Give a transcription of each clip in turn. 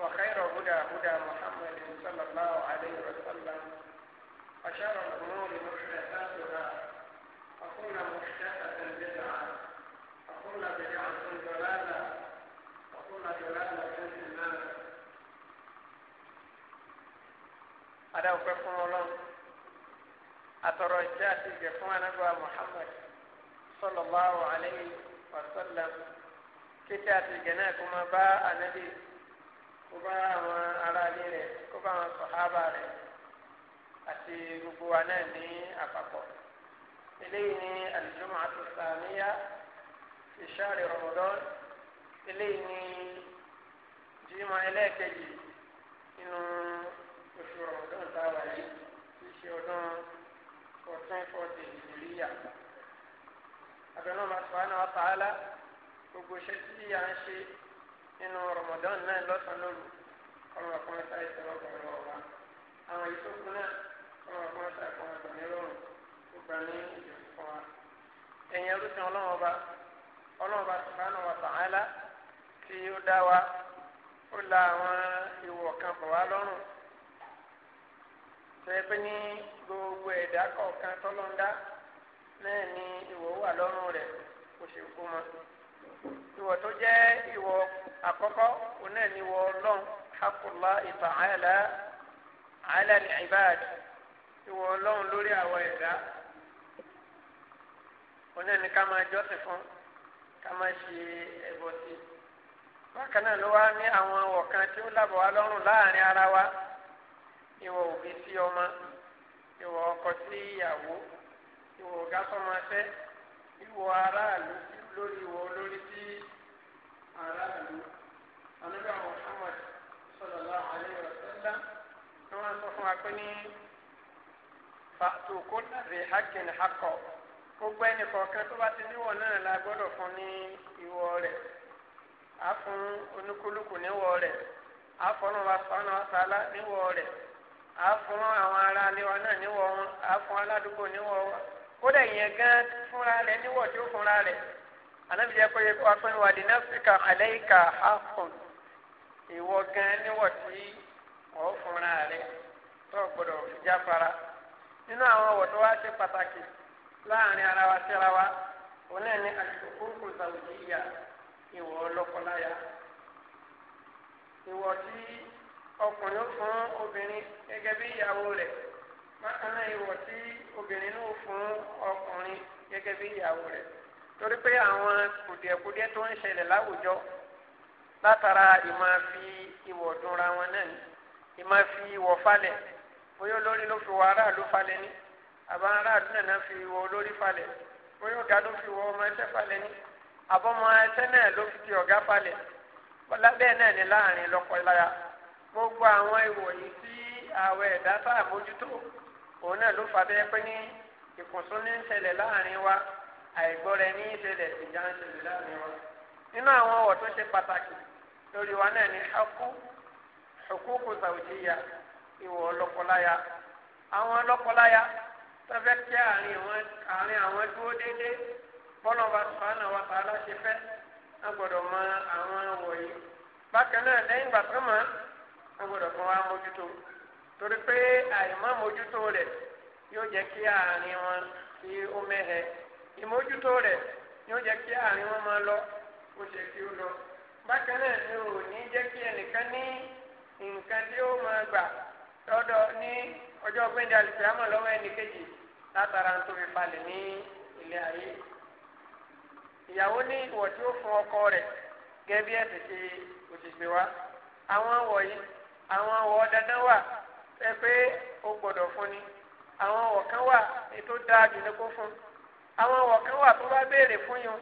وخير هدى هدى محمد صلى الله عليه وسلم وشر الأمور محدثاتها وكل محدثة بدعة وكل بدعة ضلالة وكل ضلالة في النار ada ọpẹ́ fún Ọlọ́run atọrọ ìjẹ àti ìjẹ fún anagba Muhammad sallallahu alayhi wa sallam kíkẹ àti ìjẹ náà kó máa bá anabi kó bá àwọn aráalé rẹ̀ kó bá àwọn sọ̀hábà rẹ̀ àti gbogbo wa náà ní àpapọ̀ eléyìí ní àlùjọ́mọ̀ àtúnṣàníyá fi ṣáàrì Ramadan eléyìí ní jímọ̀ ẹlẹ́ẹ̀kejì nínú oṣù Ramadan táwa yìí ti ṣe ọdún fourteen forty ìrìyà abẹ́nú Subhanahu wa ta'ala gbogbo iṣẹ́ tí à ń ṣe. nínú Ramadan náà lọ́sàn-án lóru ọmọ ọkùnrin sáà ìṣòro ọkùnrin lọ́wọ́ wa àwọn náà gbogbo fún wa. tí ó dá wa ó la àwọn ìwọ̀ kan bọ̀ wá lọ́rùn ní gbogbo ẹ̀dá kọ̀ọ̀kan ìwọ tó jẹ́ ìwọ àkọ́kọ́ òun náà ni ìwọ ọlọ́run hakùlá ta'ala ala al-ibad ìwọ ọlọ́run lórí àwọn ẹ̀dá òun náà ni ká máa jọ́sìn fún ká máa ṣe ẹ̀bọ̀ sí i bákan náà ló wá ní àwọn ọ̀kan tí ó lábọ̀ wá lọ́rùn láàrin ara wa ìwọ òbí sí ọmọ ìwọ ọkọ sí ìyàwó ìwọ ọ̀gá sọmọ ṣẹ́ ìwọ aráàlú sí lórí ìwọ olórí sí aráàlú anábíà Muhammad sallallahu alaihi wa sallam ni wọ́n sọ fún wa pé ní fàtòkó hakin hakọ̀ gbogbo ẹnì kọ̀ọ̀kan tó bá ti níwọ̀ náà la gbọ́dọ̀ fún ní ìwọ rẹ̀ a fún oníkúlùkù níwọ̀ rẹ̀ a fún ọ̀nà wa sọ̀nà ọ̀sálá rẹ̀ a fún àwọn ará náà níwọ̀ anabi jẹ́ kó yẹ kó wá pé wà ní nafsika alayka haqqun ìwọ gan níwọ̀ tí wọ́n fúnra rẹ̀ tó gbọdọ̀ jáfara nínú àwọn ọ̀wọ̀ tó wá ṣe pàtàkì láàrin ara wa síra wa òun náà ní àṣìkòkòrò zawjiyya ìwọ ọlọ́kọláya ìwọ tí ọkùnrin fún obìnrin gẹ́gẹ́ bí ìyàwó rẹ̀ bákan náà ìwọ tí obìnrin náà fún ọkùnrin gẹ́gẹ́ bí ìyàwó rẹ̀ torí pé àwọn kùdìẹ̀kùdìẹ̀ tó ń ṣẹlẹ̀ láwùjọ látara ìmọ̀ fi ìwọ̀ dunra wọn náà ni ìmọ̀ fi ìwọ̀ falẹ̀ bóyá olórí ló fi wọ aráàlú falẹ̀ ni àbá aráàlú náà fi ìwọ̀ olórí falẹ̀ bóyá ọ̀gá ló fi ìwọ̀ ọmọ ẹsẹ̀ falẹ̀ ni àbọ̀mọ ẹsẹ̀ náà ló fi ti ọ̀gá falẹ̀ lábẹ́ náà ni láàrin lọ́kọláya gbogbo àwọn ìwòyí tí àwẹ̀ ẹ̀dá tá àmójútó òun náà ló fà bẹ́ẹ̀ pé ní ìkùnsún ní ń àìgbọ́ra ẹni ìṣẹ̀lẹ̀ ìjà ń ṣẹlẹ̀ láàrin wọn. nínú àwọn ọ̀wọ̀ tó ṣe pàtàkì lórí wa náà ni ṣakú ṣùkúkù sàwùjíyà ìwọ̀ ọlọ́kọláya àwọn ọlọ́kọláya tọ́fẹ́ kí àárín àwọn dúró déédéé bọ́lá wa sùpánà wa tààlà ṣe fẹ́ a gbọ́dọ̀ mọ àwọn wọ̀nyí. bákan náà lẹ́yìn ìgbà tó mọ̀ a gbọ́dọ̀ fún wa mójútó torí pé àìmọ́ mójútó rẹ̀ yóò ìmójútó rẹ̀ ni ó jẹ́ kí àárín wọn máa lọ bó ṣe kí ó lọ bákan náà ni ò ní jẹ́ kí ẹnìkan ní nǹkan tí ó máa gbà lọ́dọ̀ ní ọjọ́ gbẹ́ndé alìsílámù lọ́wọ́ ẹnìkejì látara tó fi falẹ̀ ní ilé ayé ìyàwó ní ìwọ̀ tí ó fún ọkọ rẹ̀ gẹ́gẹ́ bí ẹ̀sìn ti òṣìṣẹ́ wa àwọn wọ̀ yìí àwọn wọ̀ dandan wà pé pé ó gbọ́dọ̀ fún ni àwọn wọ̀ kan wà ètò dáa jù kó fún un. àwọn ọ̀kan wà tó bá béèrè fún yun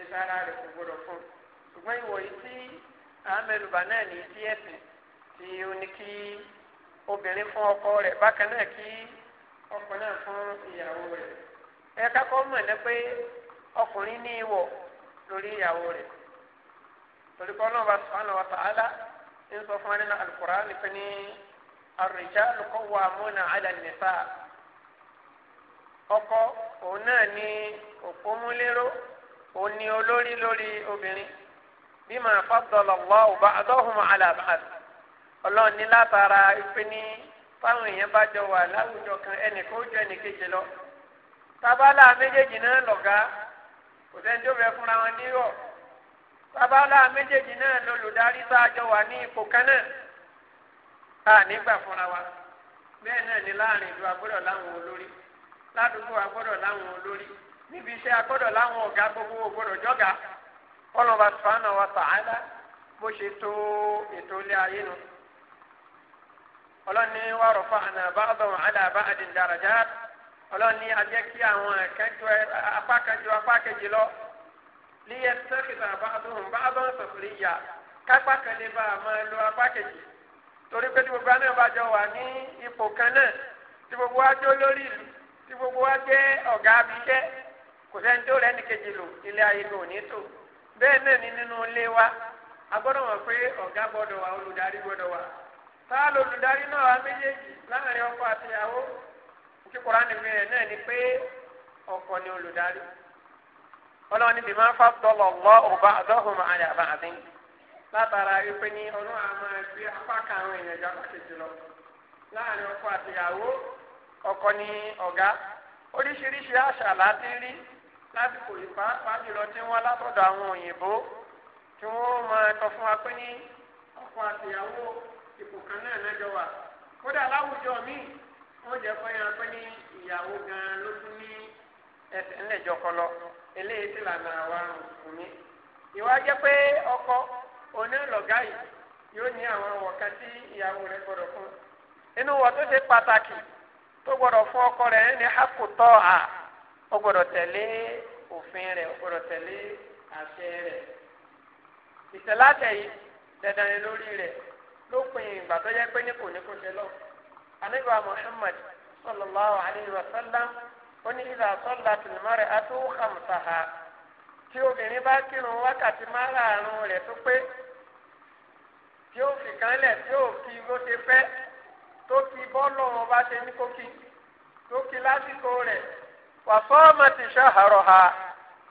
ìsara rẹ̀ kò gbọdọ̀ fún ṣùgbọ́n ìwọ̀ tí àmẹ́lùbà náà ní sí ẹ̀sìn tí ó ní kí obìnrin fún ọkọ rẹ̀ bákan náà kí ọkọ náà fún ìyàwó rẹ̀ ẹ kákọ́ mọ̀ ní pé ọkùnrin ní ìwọ̀ lórí ìyàwó rẹ̀ torí kọ́ náà bá wa ń sọ fún wa nínú 'ala ọkọ òun náà ní òpómúléró òun ní olórí lórí obìnrin bima faddala Allahu ba'dahum ala ba'd ọlọ́run ní látara ní fáwọn èèyàn bá jọ wà láwùjọ kan ẹnìkan ó jọ ẹnìkejì lọ tábàlà méjèèjì náà lọ̀gá kò sẹ́ni tó fẹ́ fúnra wọn a jọ wà wa bẹ́ẹ̀ náà ni láàrin ìlú agbọ́dọ̀ ládùúgbò agbọ́dọ̀ láwọn olórí níbi iṣẹ́ agbọ́dọ̀ láwọn ọ̀gá gbogbo ògbọ́dọ̀ jọ́gà ọlọ́ba sùfàánà wa sàáńdá bó ṣe tó ètò ilé ayé nu. ọlọ́ni wà rọ̀fà àná bá ọ̀dọ̀wọ̀n àdàbà àdìndàràjà ọlọ́ni ajẹ́ kí àwọn ẹ̀kẹ́jọ apákẹ́jọ apákẹ́jì lọ líyẹ sẹ́kìtà bá ọdún bá ọdún sọ̀kìrì yà kápákẹ́lẹ́ bá a máa lo apákẹ́jì torí pé tí gbogbo anáà bá jọ wà ní ipò kan náà tí gbogbo wa lórí ìlú tí gbogbo wa ọga ọ̀gá abiṣẹ́ kò sẹ́ni tó rẹ̀ nìkejì lò ilé ayé lò ní tò bẹ́ẹ̀ náà ni nínú ilé wa a gbọ́dọ̀ pé ọ̀gá gbọ́dọ̀ wà olùdarí gbọ́dọ̀ wà tá a olùdarí náà wà méjèèjì láàrin ọkọ àtìyàwó tí náà ni pé ọkọ ni olùdarí ọlọ́run níbi máa ń fa tọ́lọ̀ ọba àyà látara ọlọ́run ẹgbẹ́ apá kan àwọn èèyàn kejì lọ ọkọ ni ọga. oríṣiríṣi àṣà láti rí lásìkò ìpá pàjùlọ tí wọ́n látọ̀dọ̀ àwọn òyìnbó tí wọ́n máa tọ́ fún wa pé ní ọkọ àtìyàwó ipò kan náà lẹ́jọ́ wà kódà láwùjọ míì pé ní ìyàwó gan ló tún ní kọlọ eléyìí ti lànà àwa òmí ìwà ọkọ yìí yóò ní àwọn tí ìyàwó fún inú tó tó gbọ́dọ̀ fún ọkọ rẹ̀ ní hakutọ́ a ó gbọ́dọ̀ tẹ̀lé òfin rẹ̀ ó gbọ́dọ̀ tẹ̀lé àṣẹ rẹ̀ ìtẹ̀látẹ̀ yìí dandan ni lórí rẹ̀ lópin ìgbà tó yẹ pé ní kò ní kó ṣe lọ anabiwa Muhammad sallallahu alayhi wa sallam ó ní ìlà sọlá tìlímọ́rẹ̀ ató hàmùsàhà tí obìnrin bá kírun wákàtí rẹ̀ fi tí fi tó ti bọ́ọ̀lù ọba ṣe ní kókí tó lásìkò rẹ̀ wà fọ́ọ̀mù ti ṣàhàrọ̀ ha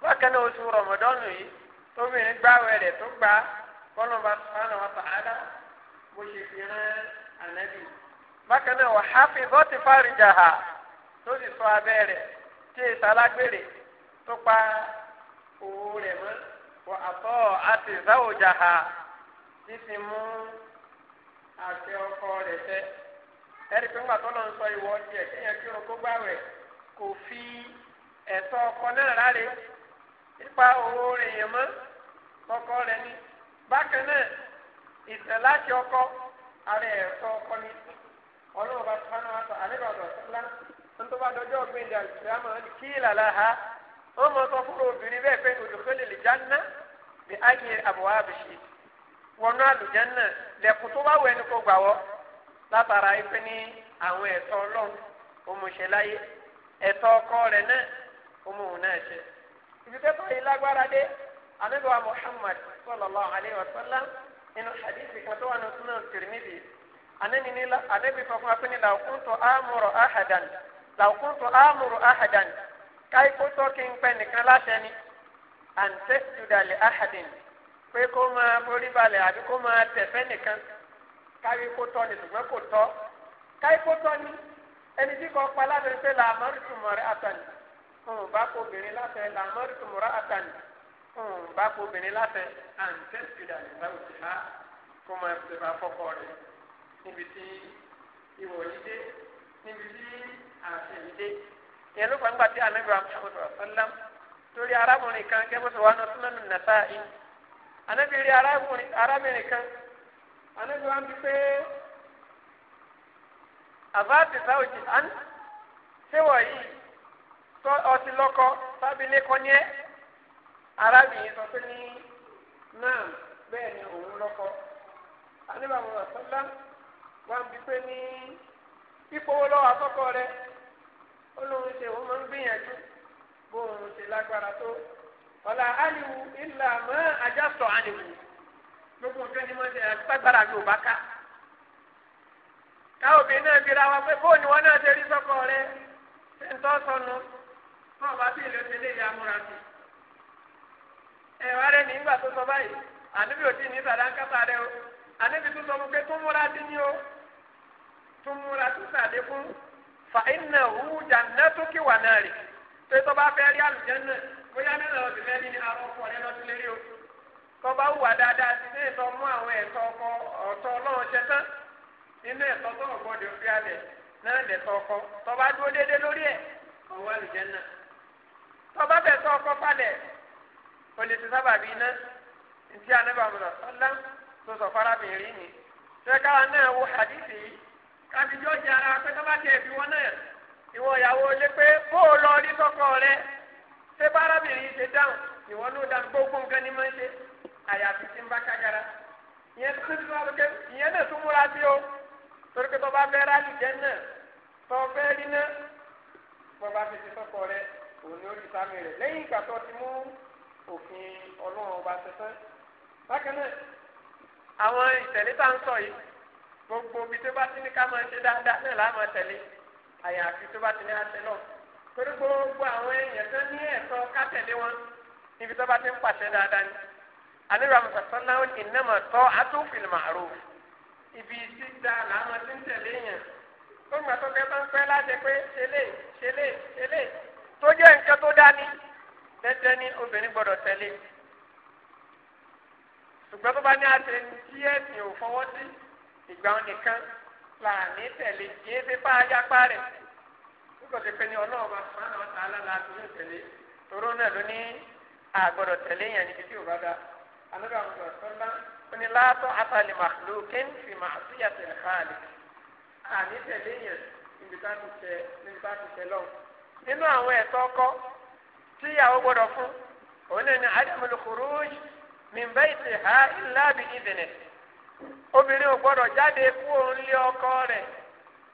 bákan oṣù rọ̀mọ̀dọ́nù yìí tóbìnrin gbàwẹ̀ rẹ̀ tó gbà bọ́ọ̀lù sọ̀rọ̀ wọn bó ṣe fi rán ànábì bákan wà ti ha tó sì ha ti mú àti ọkọ rẹ̀ ẹ̀rí pé ńgbà tó lọ sọ ìwọ ọtí ẹ̀ kéèyàn kí orun kó gbàwẹ̀ kò fi ẹ̀tọ́ ọkọ náà rárẹ̀ nípa owó rẹ̀ yẹn mọ́ ọkọ rẹ̀ ni bákan náà ìtẹ̀láṣẹ ọkọ ara ẹ̀tọ́ ọkọ ni ọlọ́run bá tún wọn sọ àlẹ́ bàbá ṣẹlá ń tó bá dọjọ́ ọ̀gbìn ìdí àlùfíàmọ́ kí ìlàlá ha ó mọ sọ fún obìnrin bẹ́ẹ̀ pé òdòkèlè lè jáná bí ayé àbúwá àbùṣe wọnú àlùjáná lẹ́kùn tó bá wẹ̀ ní kó gbà wọ́ látara ife ní àwọn ẹ̀tọ́ ọlọ́run òmùṣẹ́ láyé ẹ̀tọ́ ọkọ rẹ̀ náà òmùhùn náà ṣe. ìfipẹ́tọ̀ yìí lágbára dé anábìwá Muhammad sallallahu alayhi wa sallam nínú hadithi kan tó wà ní sunan Tirmidhi anábì sọ fún wa pé ní làkúntò àmúrò àhàdàn làkúntò àmúrò àhàdàn káyipó tó kí n pẹ́ nìkan láṣẹ ni àǹtẹ́sítúdàlẹ̀ àhàdìn pé kó máa borí balẹ̀ àbí kó máa tẹ̀fẹ́ nìkan káyé kó tọ́ ni ṣùgbọ́n kò tọ́ káyé kó tọ́ ni ẹni tí kò pa lábẹ́ pé làmọ́rì tùmọ̀ rẹ̀ àtàní ń bá kó obìnrin láfẹ́ làmọ́rì tùmọ̀ rẹ̀ àtàní ń bá kó obìnrin láfẹ́ àǹtẹ̀ ìdá nígbà òsì ha kó máa ṣe bá fọ́kọ rẹ̀ níbi tí ìwọ̀ yìí dé níbi tí àṣẹ yìí dé ìyẹn ló gbàgbà tí anabi Muhammad sallam lórí arábìnrin kan gẹ́gẹ́ bó ṣe wà anabi wa bi pé àbáàtì sáwùjì án ṣé wọ̀nyí tó ọtí lọ́kọ sábìlẹ̀ kọ́ ní ẹ́ arábìnrin sọ pé ní náà bẹ́ẹ̀ ni òun lọ́kọ anabi àwọn àtọ́lá wa bi pé ní ìfowó lọ́wọ́ àkọ́kọ́ rẹ ó lóun ṣe òun máa ń gbìyànjú o ṣe lágbára tó ọ̀la aliwu ìlà mọ́ ajásọ̀ aliwu gbogbo nǹkan ni mo ṣe àgbàgbàrà mi ò bá ká káwọn obìnrin náà gbéra wa pé bóun ni wọn náà ṣe rí sọkọ rẹ ṣe ń tọ́ sọnù fún ọba tí ìlú ṣe lè ya múra sí ẹ wá rẹ nígbà tó sọ báyìí àníbi òtí ní sàdánkátà rẹ o àníbi tó sọ fún pé tó múra sí ni o tó múra tó sàdé fún fa iná hu jannatuki wà náà rè pé tó bá fẹ́ rí àlùjẹ́ náà bóyá nínú ọ̀sìn fẹ́ ní arọ́pọ̀ rẹ lọ́dún lérí o tọba wùwà dáadáa sí ní ìtọ́ mú àwọn ẹ̀tọ́ ọkọ ọ̀tọ́ ọlọ́run ṣe tán nínú ẹ̀tọ́ tó ń gbọ́dọ̀ fi alẹ̀ náà lẹ̀tọ́ ọkọ tọba dúró déédéé lórí ẹ̀ ọwọ́ àlùjẹ́ náà tọba bẹ̀tọ́ ọkọ falẹ̀ o lè ti sábà bí iná ntí anábà mọ̀nà sọ́lá tó sọ farabirin ni ṣẹ́ká náà wo hadithi yìí kábí yóò jẹ ara pé tọ́ba tiẹ̀ fi wọn náà ìwọ ìyàwó lé pé bó o lọ rí sọ́kọ rẹ ṣé farabirin ṣe dáhùn ìwọ ló dáhùn gbogbo nǹkan ní máa ń ṣe àyàfi tí ń bá kájára ìyẹn tó ti sọ́ọ́ lókè ìyẹn náà tún múra sí o torí pé tọ́ba fẹ́ rálì jẹ́ náà tọ́ fẹ́ rí náà bọ́ba ti ti sọ́kọ rẹ òun ni ó ti sámi rẹ lẹ́yìn ìgbà tó ti mú òfin ọlọ́run ọba tẹ́tẹ́ bákan náà àwọn ìtẹ̀lé tá ń sọ yìí gbogbo ibi tó bá ti ní ká máa ṣe dáadáa náà láà máa tẹ̀lé àyàfi tó bá ti ní àṣẹ náà torí gbogbo àwọn èèyàn tó ní ẹ̀tọ́ ká tẹ̀lé wọn níbi tó bá ti ń pàṣẹ dáadáa ni. àlejò àwọn sàtọ́ náà ìnáma tọ́ àtúnfìlì ibi isi da làwọn ti ń tẹ̀lé yẹn tó ń gbà tó kẹ́ bá ń pẹ́ pé ṣẹlẹ̀ ṣẹlẹ̀ ṣẹlẹ̀ tó jẹ́ nǹkan tó dání tẹ́tẹ́ ní obìnrin gbọ́dọ̀ tẹ̀lé ṣùgbọ́n tó bá ní àtẹ tí ẹ̀sìn ò fọwọ́ sí ìgbà wọn nìkan là ní tẹ̀lé kìí ṣe bá ayápá rẹ̀ nígbà tó ní anabi ah, àwọn ọ̀sán sọ́lá ó ní látọ̀ àtàlẹ̀ màlúù kéńtì màá a ti tẹ níbi tá a ti tẹ lọ́wọ́ nínú ya ẹ̀tọ́ ọkọ tí ìyàwó gbọ́dọ̀ fún òun ní àdìmúlù kùrúùj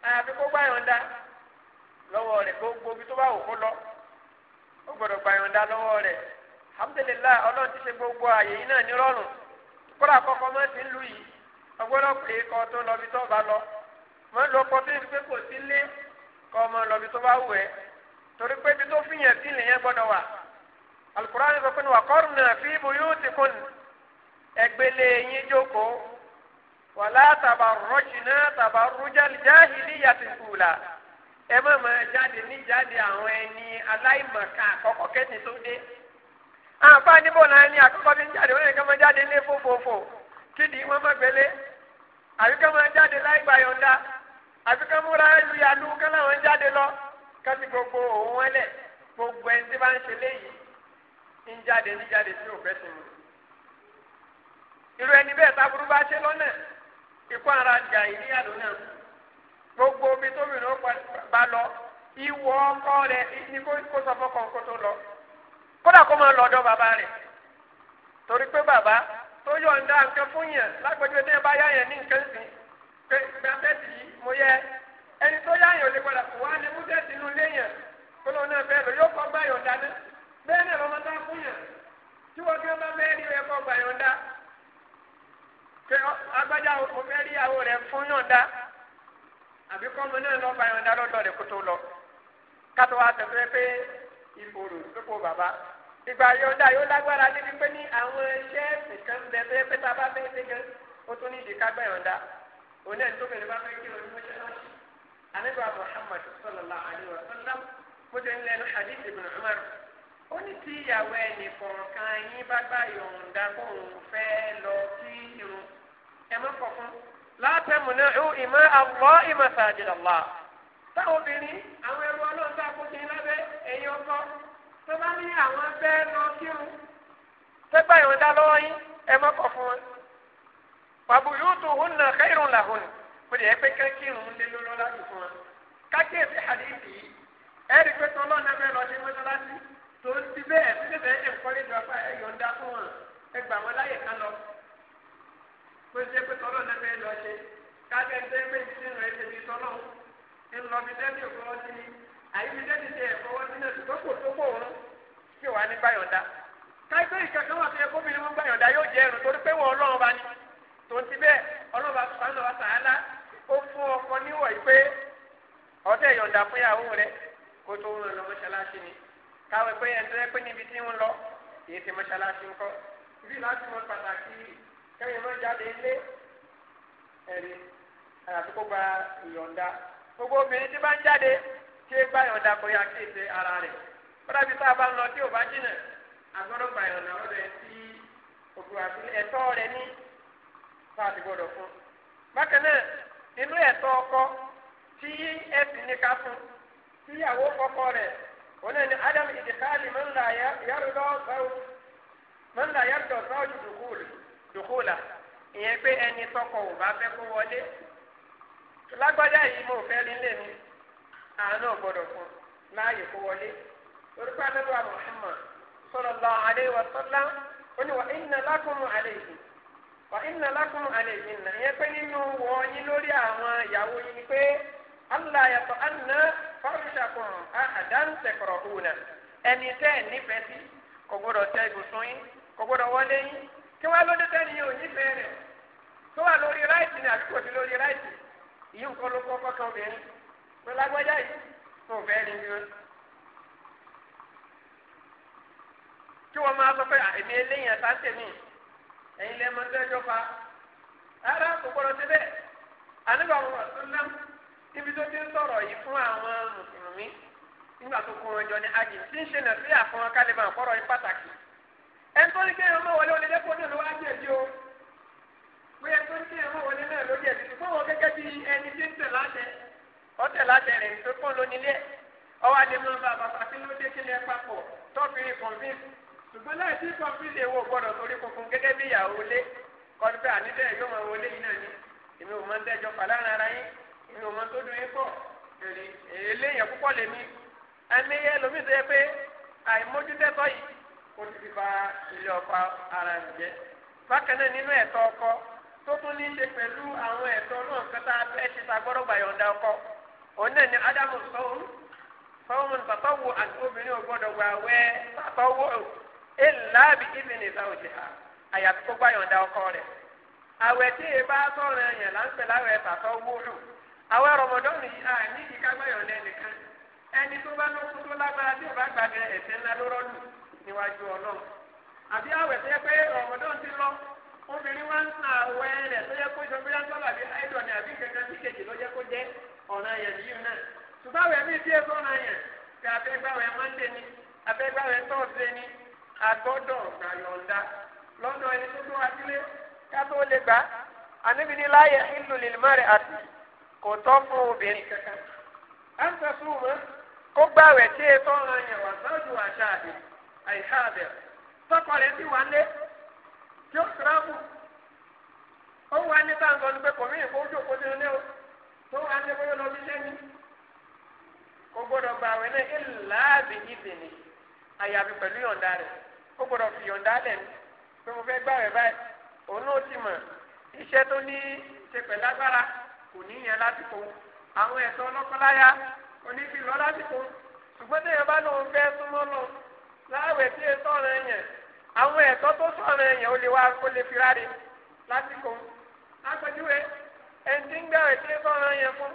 ha ọkọ gbogbo tó lọ ó alhamdulilayi ọlọ́run ti ṣe gbogbo àyè yìí náà nírọ̀rùn kóra kọ́kọ́ mọ́ ti ń lu yìí ọgbọ́dọ̀ pé kọ́ tó lọ bí tó bá lọ mọ́ lọ kọ́ tó pé kò sí lé kọ́ ọmọ lọ bí tó bá wù ẹ́ torí pé bí tó fi yẹn sí lè yẹn gbọ́dọ̀ wà alukóran sọ pé wà kọ́rùn náà fi ibu yóò ti kún ẹgbẹ́lé yín jókòó wàlá tàbá rọ́jìnà tàbá rújálìjáhìlì yàtìkùlà ẹ má máa jáde níjáde àwọn ẹni aláìmọ̀ká àkọ́kọ́ kẹ́sìn tó dé. a bò náà ni àkọ́kọ́ fi ń jáde wọ́n lè kọ́ máa jáde ilé fòfòfò kídìí wọ́n má gbélé àbí kọ́ máa jáde láì gbà yọ̀ǹda àbí kọ́ múra lọ kọ́ gbogbo òun wọn gbogbo ẹni tí bá ń ṣe léyìí ń jáde ní jáde sí mu. irú ẹni bẹ́ẹ̀ bá ṣe lọ́nà gbogbo omi tóbi náà bá ọkọ rẹ ní kó sọ fọkàn lọ. kódà kó máa lọ́dọ̀ bàbá rẹ̀ torí pé bàbá tó yọ̀ǹda nǹkan fún yẹn lágbègbè tẹ́ bá yáyẹn ní nǹkan sìn pé gbàgbẹ́sì yìí mo yẹ ẹni tó yáyẹn ò lè padà kó wá ní múdẹ́sì inú ilé yẹn kó lóun náà bẹ́ẹ̀ lọ yóò kọ́ gbà yọ̀ǹda náà bẹ́ẹ̀ náà lọ́mọ tá fún yẹn tí wọ́n gbé máa bẹ́ẹ̀ rí ẹ kọ́ gbà yọ̀ǹda pé agbájá mo fẹ́ rí àwọ̀ rẹ̀ fún yọ̀ǹda àbí kọ́mọ náà lọ́ gbà yọ̀ǹda lọ́dọ̀ rẹ̀ kó tó lọ kátó wá tẹ̀síwẹ́ pé ipò rò sípò bàbá ìgbà yóò yóò lágbára débi pé ní àwọn iṣẹ́ ẹ̀sìn bẹ bẹ́ẹ̀ pé tá a ṣe gan ó tún ní ìdíkà gbẹ̀yọ̀ǹda òun ẹ̀ tó bẹ̀rẹ̀ bá fẹ́ kí wọn ní mọ́ṣáláṣí àníbà Muhammad sallallahu alayhi wa sallam mo jẹ́ ìmọ̀ àwọ̀ ìmọ̀ sàdìlọ́lá táwọn obìnrin àwọn ẹrú ọlọ́run tá a kó lábẹ́ ẹ̀yin ọkọ tó bá ní àwọn bẹ́ẹ̀ lọ kírun tẹ́gbà ìwọ̀dá lọ́wọ́ yín ẹ mọ́kọ̀ fún wọn. wàbù yóò tó òun nà kẹ́rùn làwọn kò lè pé kẹ́kírun lé lọ́lọ́ láti fún wọn. kákíyèsí àdéhìí ẹ̀rí pé tọ́lọ́ náà bẹ́ẹ̀ lọ sí mọ́sálásí tó ń ti bẹ́ẹ̀ tó bẹ́ẹ̀ ẹ̀ ń kọ́lé jọ apá ẹ̀ yọ̀ǹda fún wọn ẹ gbà wọn láyè ká lọ. pé ṣé pé tọ́lọ́ náà bẹ́ẹ̀ lọ ṣe kákẹ́ àyíṣẹ́ tètè ẹ̀kọ́ wọn nínú ẹ̀sùn tó kò tó kò wọn kí wàá ní báyọ̀dá káyipẹ́ báyọ̀dá yóò torí pé wọn ọlọ́run bá ní tòun ti bẹ́ẹ̀ ọlọ́run bá sàálà ó ọkọ níwọ̀ yìí pé fún yàwó rẹ kó tó lọ mọ́ṣáláṣí ni pé ẹ̀ ń pé lọ èyí ti mọ́ṣáláṣí ń kọ́ ibi láti mọ pàtàkì kẹ́yìn mọ́ jáde ilé ẹ̀rí àyàfi ṣé gbàyọ̀ǹda kò ya kí èsè ara rẹ̀ kódà bí sábà ń lọ tí ò bá jìnà agbọ́dọ̀ gbàyọ̀ǹda lọ́dọ̀ ẹ̀ tí òkúra ẹ̀tọ́ rẹ̀ ní gbọ́dọ̀ fún. bákan náà inú ẹ̀tọ́ ọkọ tí ẹ̀sìn ní ká fún rẹ̀ adam mọ́nlá dùkúlà ìyẹn pé ẹni tọkọ ò bá fẹ́ kó wọlé lágbájá yìí mo fẹ́ mi. àánú ọ̀gbọ́dọ̀ fún láàyè kó wọlé orúkọ anábíwá Muhammad sallallahu wa sallam ó ní wà inna lakum alayhi wà inna lakum alayhi nà ìyẹn pé nínú wọn yín lórí àwọn ìyàwó yín ni pé allah yàtọ̀ anna farishakum ahadan takrahuna ẹni tẹ́ ẹ̀ nífẹ̀ẹ́ sí kò gbọ́dọ̀ tẹ ibùsùn yín kò gbọ́dọ̀ wọlé yín kí wọ́n lóde yóò nífẹ̀ẹ́ rẹ̀ tó wà lórí ráìtì ni àbí kò lórí ráìtì nǹkan ló kọ́kọ́ kan pé lágbájá yìí mo fẹ́ ni bí wọn. kí wọ́n máa sọ pé tèmi ẹ̀yin mọ ẹjọ́ fa ara kò gbọ́dọ̀ síbẹ̀ àníbà wọn tó ná yi tó ti ń sọ̀rọ̀ yìí fún àwọn mùsùlùmí nígbà tó kún wọn ní àjì tí ń ṣe akálẹ̀bà àkọ́rọ̀ yìí pàtàkì ẹni tó ní kí ẹ̀rọ mọ̀ wọlé o tó ní kí ẹ̀rọ mọ̀ wọlé náà ọtẹ látẹrẹ pé kó ló nílé ọwọ adébọlọ bàbá pàṣẹ ló dé kílẹ papọ̀ tọpìnrin convince ṣùgbọ́n láì sí convince èwo gbọ́dọ̀ torí kunkun gẹ́gẹ́ bí ìyàwó lé kọlùpẹ àníbẹ yóò máa wọlé yìí náà ni èmi ò mọ ń dẹjọ fàlànà ara yín èmi ò mọ tó yín eléyàn lèmi ẹni yẹ lómi sọ yẹ pé yìí kó ti fi ba ilé ọkọ ara bákan ọkọ tó tún ní í ṣe òun náà ni ádámù sọ́hún sọ́hún tàtọ́wò a obìnrin ò gbọ́dọ̀ gba àwẹ̀ tàtọ́wò bi ìbìnì ìsáwòjì ha àyàfi kó gbàyànjá ọkọ rẹ àwẹ̀ tí èyí bá sọ̀rọ̀ ẹ̀yàn ẹni tó bá lágbára tí bá ńlá níwájú àbí pé ti lọ obìnrin wa ń tó yẹ kó ọ̀nà yẹn ní yìí náà ṣùgbọ́n àwẹ̀ mí díẹ̀ sọ̀nà yẹn tí abẹ́gbàwẹ̀ mọ́ndé ni abẹ́gbàwẹ̀ tọ́sídé ni agbọ́dọ̀ gbàyọ̀ǹda lọ́dọ̀ ẹni tó tó adílé kátó lè gbà àníbi ní láyé ìlú lèlmọ́rẹ̀ àti kò tọ́ fún obìnrin kankan. ń sọ fún wọn kó tí e sọ̀nà yẹn wà sọ́jú àṣà àìsà àbẹ̀ rẹ̀ sì wà lé tí ó sọ̀rọ̀ ó wà ní ní pé kò mí tó adébóyè lọ bí sẹ́ni kò gbọ́dọ̀ gba àwẹ̀ náà ìlà àbí ìdènì àyàfi pẹ̀lú yọ̀ǹda rẹ̀ kò gbọ́dọ̀ fi yọ̀ǹda lẹ̀ mí pé mo fẹ́ gbà wẹ̀ báyìí òun náà ti mọ̀ iṣẹ́ tó ní ṣe pẹ̀lú agbára kò ní yẹn lásìkò àwọn ẹ̀tọ́ ọlọ́kọ́láyà onífìlọ́ lásìkò ṣùgbọ́n tẹ̀yẹ bá lóun fẹ́ súnmọ́ lọ láwẹ̀ tí ẹ sọ̀rọ̀ ẹ̀yẹ̀ àwọn ẹ̀tọ́ tó sọ̀rọ̀ ẹ̀yẹ̀ ó lè wá ó lè fi ráre lásìkò lápẹjúwe ẹni tí ń gbà rẹ̀ ṣe yẹn fún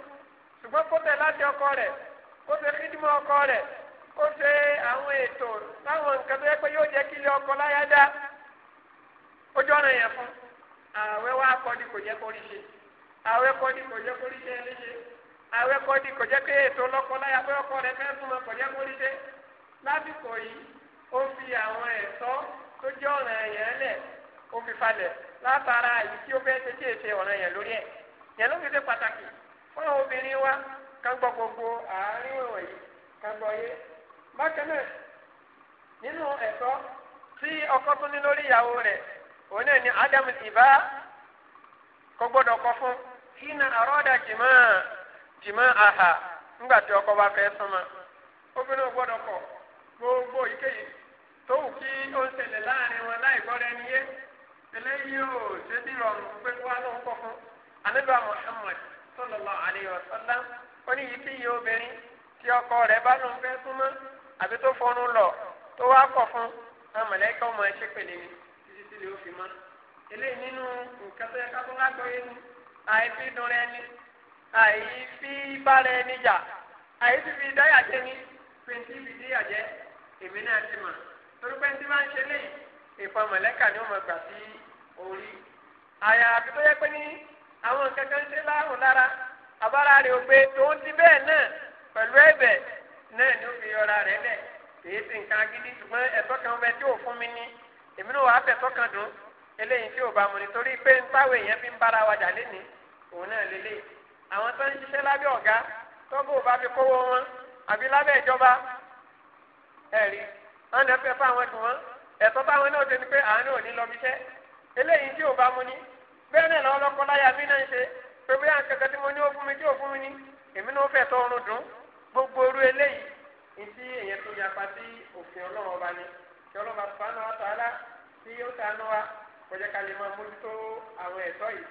ṣùgbọ́n kó tẹ̀ láti ọkọ rẹ̀ kó ṣe kídìmọ̀ ọkọ rẹ̀ kó ṣe àwọn ètò táwọn nǹkan tó yẹ pé yóò jẹ́ kí ilé ọkọ láyá dá ojú ọ̀nà yẹn fún ààwẹ̀ wá kọ́ni kò jẹ́ kó rí ṣe ààwẹ̀ kọ́ni kò jẹ́ kó rí ṣe ẹni ṣe kò jẹ́ pé ètò láyá pé ọkọ fẹ́ fún ọ kò jẹ́ kó rí ṣe lásìkò yìí ó fi àwọn ẹ̀tọ́ tó jẹ́ yẹn ló fi ṣe pàtàkì fún àwọn obìnrin wa ká gbọ́ gbogbo àárín òwe yìí ká yé bákan náà nínú ẹ̀tọ́ tí ọkọ tún ní lórí ìyàwó rẹ̀ òun náà ni ádámù ti bá kó gbọ́dọ̀ fún kí na àrọ́dà jìmọ́ àhà ńgbà ọkọ bá kọ gbogbo ìkéyìí tó wù kí ó ń ṣẹlẹ̀ láàrin wọn láì gbọ́dọ̀ ẹni yé eléyìí ò ṣe bí anábà muhammad sallallahu alayhi wa sallam ó ní yìí kí iye obìnrin tí ọkọ rẹ̀ bá lóun fẹ́ súnmọ́ àbí tó fọnú lọ tó wá kọ̀ fún àwọn mọ̀lẹ́kà ọmọ ẹṣẹ́ pèlè ni títí tí lè fi mọ́ eléyìí nínú nǹkan tó yẹ ká tó lágbóyè ni àìfi dùn rẹ ni àìfi bára ẹni jà àìfi fi dáyà jẹ ni pèntì fi díyà jẹ èmi náà ti mọ̀ torí pèntì máa ń ṣe léyìí ìfọ̀mọ̀lẹ́kà ni ó mọ̀ gbà sí orí àyà àbí tó yẹ pé ní àwọn kankan ṣe láàrùn lára àbára rẹ̀ ò pé tòun ti bẹ́ẹ̀ náà pẹ̀lú ẹ̀bẹ̀ náà ni ó fi yọra rẹ̀ lẹ̀ èyí sì nǹkan gidi ṣùgbọ́n ẹ̀tọ́ kan bẹ tí ò fún mi ní èmi náà wàá fẹ̀tọ́ kan dùn eléyìí tí ò bá mu ni torí pé ń táwọn èèyàn fi ń bára wa jà lẹ́ni òun náà lélẹ̀ àwọn tó ń ṣiṣẹ́ lábẹ́ ọ̀gá tọ́gbọ́ ò bá fi kówó wọn àbí lábẹ́ ìjọba ẹ̀rí wọn lè fẹ́ fáwọn dùn wọn ẹ̀tọ́ báwọn náà ṣe ni pé àánú ò ní lọ bíṣẹ́ eléyìí tí ò bá mu ni bẹ́ẹ̀ náà lọ́wọ́ lọ́kọ́ láyà mí náà ń ṣe pé bóyá nǹkankan tí mo ní ó fún mi tí ò mi ní èmi náà fẹ́ dùn gbogbo oru eléyìí èyàn tó yapa sí òfin ọlọ́run ọba ni kí ọlọ́run bá sùpánù àtàlà tí ó sànù wa kọjá ká máa mójútó àwọn ẹ̀tọ́ yìí.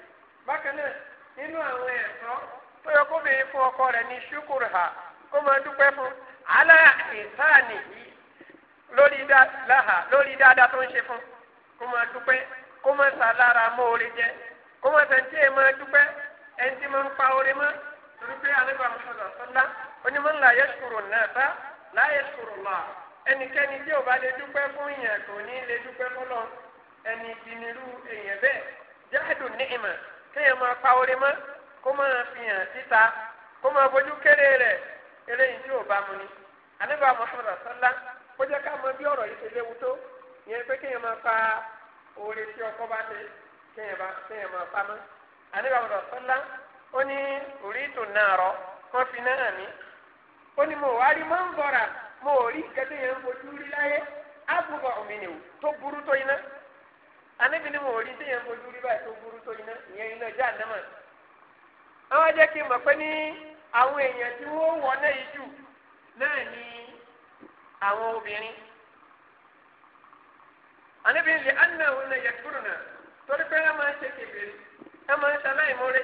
ọkọ rẹ̀ ní fún alá ìsáàní lórí dáadáa tó fún kó kó má sa lára mọ́ orí jẹ kó má sa tí ẹ máa dúpẹ́ ẹ ti máa ń pa orí mọ́ torí pé alẹ́gbà mọ́tò sọ́lá onímọ̀lá yẹ sùkúrò náà bá láyé sùkúrò lọ ẹnikẹ́ni tí ò bá lè dúpẹ́ fún ìyẹn kò ní lè dúpẹ́ fún lọ ẹni ìdìnnìlú èèyàn bẹ́ẹ̀ jáàdù ní ìmọ̀ kéèyàn máa pa orí mọ́ kó máa fi hàn síta kó bójú kéré rẹ̀ eléyìí tí ò bá mu ni alẹ́gbà mọ́tò sọ́lá kó jẹ́ ká mọ bí ọ̀rọ̀ yìí ṣe léwu tó ìyẹn pé kéèyàn máa pa oore tí ọkọ bá ṣe kéèyàn bá kéèyàn máa pamọ́ àníbà wọn sọlá ó ní orí ètò náà rọ fi náà mí ó ní mo wá rí mọ́ mo ò rí kẹ́tẹ́ yẹn ń rí láyé ábùkọ̀ tó burú tó iná àníbi ni mo ò rí kẹ́tẹ́ yẹn ń rí báyìí tó burú tó iná ìyẹn n mọ̀ pé ní àwọn èèyàn tí wọ́n náà yìí jù àníbi ń lè ànà òun náà yẹkúrò náà torí pé wọn máa ń ṣe kébèrè wọn máa ń ṣe aláìmọ́ré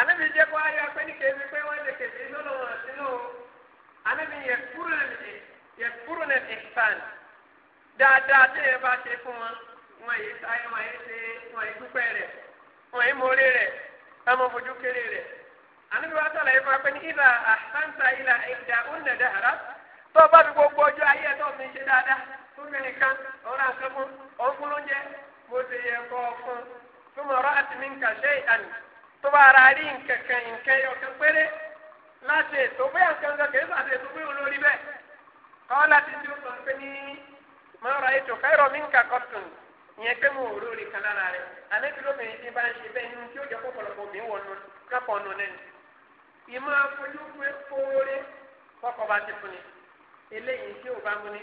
àníbi jẹ́ kó ayé apẹ́nìkè mi pé wọ́n ṣe kébèrè lọ́nà wọn àti náà àníbi yẹkúrò náà yẹkúrò náà ìfàn dáadáa tí èèyàn bá ṣe fún wọn wọn yìí sáyé wọn yìí ṣe wọn yìí dúpẹ́ rẹ̀ wọn yìí mọ́ré rẹ̀ wọn mọ fojú kéré rẹ̀ àníbi wọn sọ̀rọ̀ yìí fún apẹ́ni ìlà àhánsá ìlà ìdá òun nàdà àrà gbogbo ọjọ́ ayé ẹ̀ tó o fi fún mi nìkan ọ̀rọ̀ àtọ́kùn ọ̀gbọ́nlóúnjẹ mo ti yẹ kọ́ fún tó mọ̀ ọ̀rọ̀ àti mi nǹkan ṣe ìdánù tó bá ara rí nǹkankan nǹkan ọ̀kan péré láti ètò bóyá nǹkan kan kìí sàti ètò bóyá olórí bẹ́ẹ̀ kọ́ láti tí ó sọ pé ní mọ̀ọ́rọ̀ ètò kẹ́rọ̀ mi nǹkan kọ́tùn ìyẹn pé mo olórí kan lára rẹ̀ àlébìlóbìnrin tí bá ń ṣe bẹ́ẹ̀ nínú tí ó jẹ́ kọ́pọ̀lọpọ̀ mi wọ̀ nù kápọ̀ nù nẹ́nu ìmọ̀ afọlúwẹ̀ kóore kọ́kọ́ bá ti fún ni eléyìí tí ò bá mú ni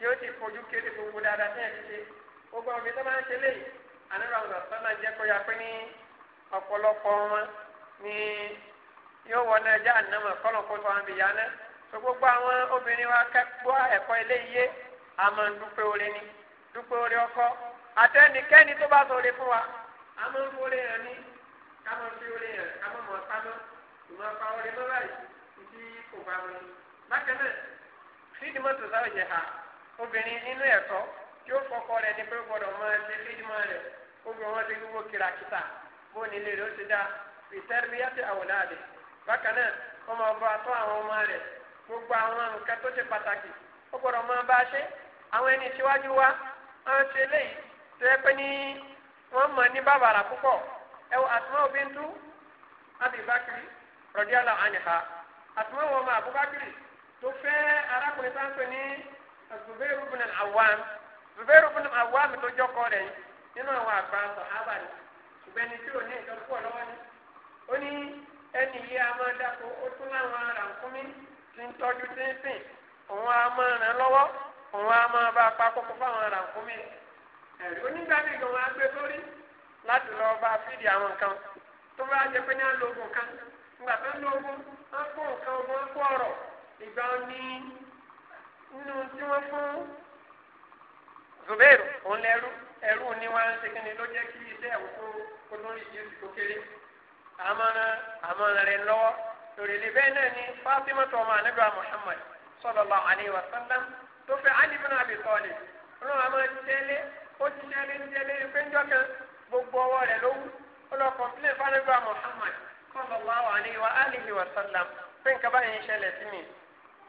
yóò ti fojú kéré gbogbo dáadáa tẹ́ ẹ̀ ti ṣe gbogbo àwọn ìfẹ́ máa ń ṣe léyìí àníbà àwọn ọ̀sán náà jẹ́ kó ya pé ní ọ̀pọ̀lọpọ̀ wọn ni yóò wọ náà já àná mọ̀ kọ́lọ̀ kó sọ àwọn ibìyà náà tó gbogbo àwọn obìnrin wa kẹ́kọ̀ọ́ ẹ̀kọ́ eléyìí a máa ń dúpẹ́ oore ni dúpẹ́ oore ọkọ àtẹnikẹ́ni tó bá sọ oore fún wa a máa ń fi oore hàn ní ká máa fi oore hàn ká máa mọ̀ ìmọ̀ ọ̀pá oore mọ́ báyìí obìnrin nínú ẹ̀tọ́ tí ó fọkọ rẹ̀ ní pé ó gbọ́dọ̀ máa ṣe fídímọ́ rẹ̀ obìnrin wọn ti gbogbo kìràkìtà bó ní ilé rẹ̀ ó ti dá ìtẹ́rìbíyàtì àwòlá rẹ̀ bákan náà wọ́n máa bọ́ àwọn ọmọ rẹ̀ gbogbo àwọn nǹkan tó ṣe pàtàkì ó gbọ́dọ̀ máa bá a ṣe àwọn ẹni síwájú wa wọ́n ṣe léyìí tó yẹ pé ní wọ́n mọ̀ ní bàbàrà púpọ̀ ẹ wọ àtúmọ̀ òbí ń tú abibakiri rọ̀díàlà àníhà àtúmọ̀ wọn mọ àbúbakiri tó fẹ́ arákùnrin sáńpẹ̀ ní Zubairu bin al-Awwam Zubairu bin al-Awwam tó jọ́kọ́ rẹ̀ nínú àwọn àgbà sọ̀hábà ni ṣùgbọ́n ẹni tí ò ni ó ní ẹni yìí a máa dáko ó tún láwọn arákùnrin tí ń tọ́jú tí ń sìn òun a máa ràn lọ́wọ́ òun a máa bá papọ̀ pọ̀ fáwọn tó lo ogun nǹkan nínú tí wọ́n fún zubairu òun lẹ́rú ẹrú ni wọ́n ń segin ni ló jẹ́ kí iṣẹ́ àwòkó olórí yìí kò kéré àmọ́nà àmọ́nà rẹ̀ lọ́wọ́ lórí ilé bẹ́ẹ̀ náà ni fatima tó ọmọ anabi muhammad sallallahu alaihi wa sallam tó fẹ́ ali bin abi talib ọlọ́run àmọ́ tẹ́lẹ̀ ó ti tẹ́lẹ̀ ń tẹ́lẹ̀ péjọ kan gbogbo ọwọ́ rẹ̀ ló wú ó lọ muhammad sallallahu alaihi wa alihi wa sallam pé nǹkan báyìí ń ṣẹlẹ̀ sí mi.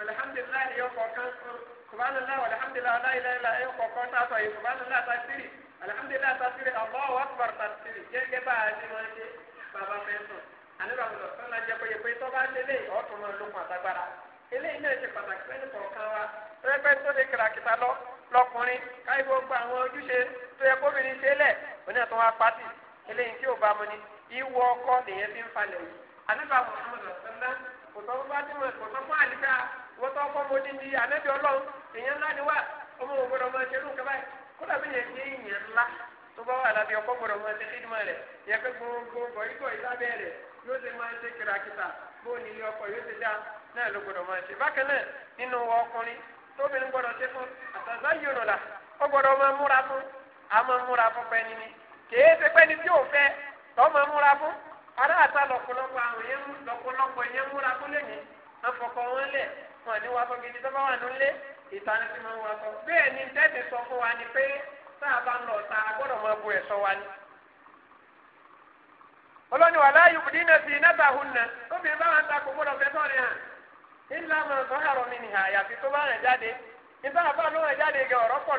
alhamdulilayi ni yóò kọ̀ọ̀kan subhanallah alhamdulilayi la ilaha illa yóò kọ̀ọ̀kan tá a sọ yìí subhanallah ta siri alhamdulilayi ta siri allahu akbar ta siri jẹ́gẹ́ bá a ti máa ṣe bàbá fẹ́ sùn àníbà wọn lọ sọ́nà jẹ́ pé pé tó bá ń lélẹ̀ ọ̀tún náà ló kàn àtàgbára eléyìí náà ṣe pàtàkì lẹ́nu kọ̀ọ̀kan wa pẹ́pẹ́ tó lè kìràkìtà lọ lọkùnrin káyọ̀ gbogbo àwọn ojúṣe tó yẹ kóbìnrin ṣe lẹ̀ oní àtúnwá pátì eléyìí tí ò bá mu ni ìwọ ọkọ nìyẹn fi ń falẹ̀ yìí àníbà wọn lọ sọ́nà kò sọ bá tí mo kò sọ fún àlíkà wọ́n tọ́ kọ́ mo dídí ànábì ọlọ́run èèyàn ńlá ni wá ọmọ ògbọ́dọ̀ máa ṣe lóun kaba yìí kódà bí yẹn ṣe èèyàn ńlá tó bá wà lábẹ́ ọkọ̀ gbọ́dọ̀ máa ṣe kídìmọ̀ rẹ̀ yẹ pé gbogbo gbọ̀yìgbọ̀ ìlábẹ́ rẹ̀ yóò ṣe máa ṣe kìràkìtà bóun ilé ọkọ̀ yóò ṣe dá náà ló gbọ́dọ̀ máa ṣe bákan náà nínú ọkùnrin tóbìnrin gbọ́dọ̀ ṣe fún àtàzá yòrò là ó gbọ́dọ̀ máa múra fún a máa múra ni wọn ní wàásù gidi tó bá wà nílé ìtaní tí wọn wàásù bẹ́ẹ̀ ni tẹsí sọ fún wa ni pé tá a bá ń lọ ta a gbọ́dọ̀ máa bu wa ni. olóni wàlá yìí náà sí iná bá náà obìnrin bá wà ń ta kò gbọ́dọ̀ fẹ́ sọ̀rọ̀ hàn ńlá mọ̀ tó hàrọ̀ mi nìhà àyàfi tó bá rìn jáde nígbà bá ló jáde ọ̀rọ̀ pọ̀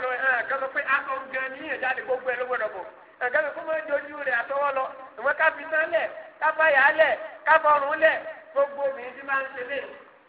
ló